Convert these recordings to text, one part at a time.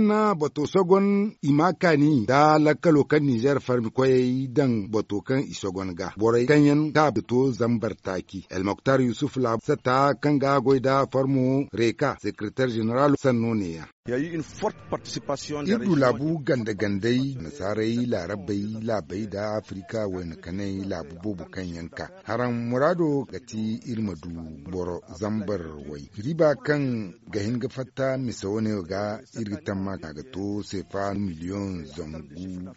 na bato sogon imakani da lakalo kan nijar farmi koyayi dan bato kan isogon ga bore kanyan ta bato zambar taki el yusuf la sata kan ga goida farmo reka sekretar general sannoniya Irdu labu ganda-gandai nasarai larabai labai da Afirka wani kanai labu bobu kan yanka. Haran murado gati irmadu boro zambar wai. Riba kan gahin gafata misawone ga irgitan maka gato sefa miliyon zangugu.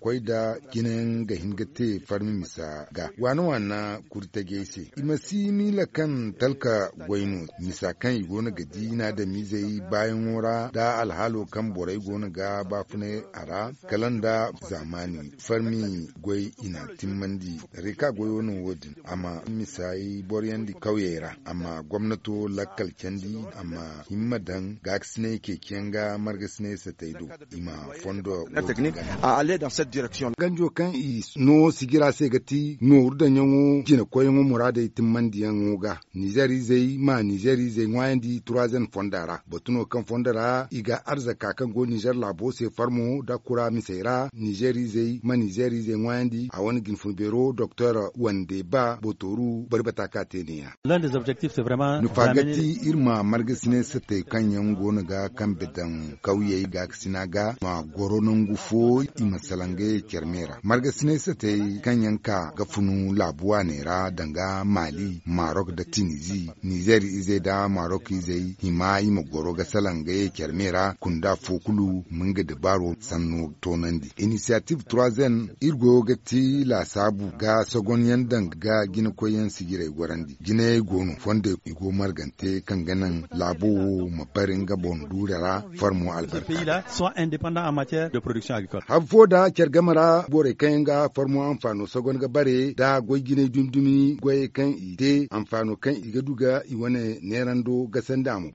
Kwai da ginin gahin gate farmi misa ga. Wani wana kurta gese. Imasi mila kan talka gwaino misa kan igona gadi na da mizai bayan wura da alhalo kan borai gona ga bafune ara kalanda zamani farmi gwai ina timmandi rika goyo nun wodin amma misayi boryan di kauyera amma gwamnato lakal kendi amma himmadan gaksine kekiyan ga margasine sa taido ima fondo a aller dans cette direction ganjo kan i no sigira se gati no urdan yango jina koyon murade timmandi yango ga nigeri zai ma nigeri zai ngwayandi 3 fondara botuno kan fondara iga arzaka kan go Niger labo se farmo da kura misaira Nigeri zai ma Niger zai wandi a wani ginfun bero Dr. Wande Ba Botoru barbata ka teniya. L'un des objectifs c'est vraiment Nufagati irma margisine te kan yango ga kan bidan kauye ga sinaga ma goronon gufo masalange kermera. Margisine te kan yanka funu labuwa ne ra danga Mali Maroc da tinizi Niger zai da Maroc zai hima yi magoro ga salange kermera kunda fokulu munga Baro, sanno tonandi initiative 3 irgo ga la sabu ga Sogon Yandang, ga gina koyan sigirai gwarandi Gine gono Fonde igo margante labo ganan labo mabarin gabon durara farmo albarka habfo da kergamara bore kayan farmo amfano Sogon ga bare da goy gine dumdumi goy kan Ide, amfano kan Igaduga, iwane nerando gasan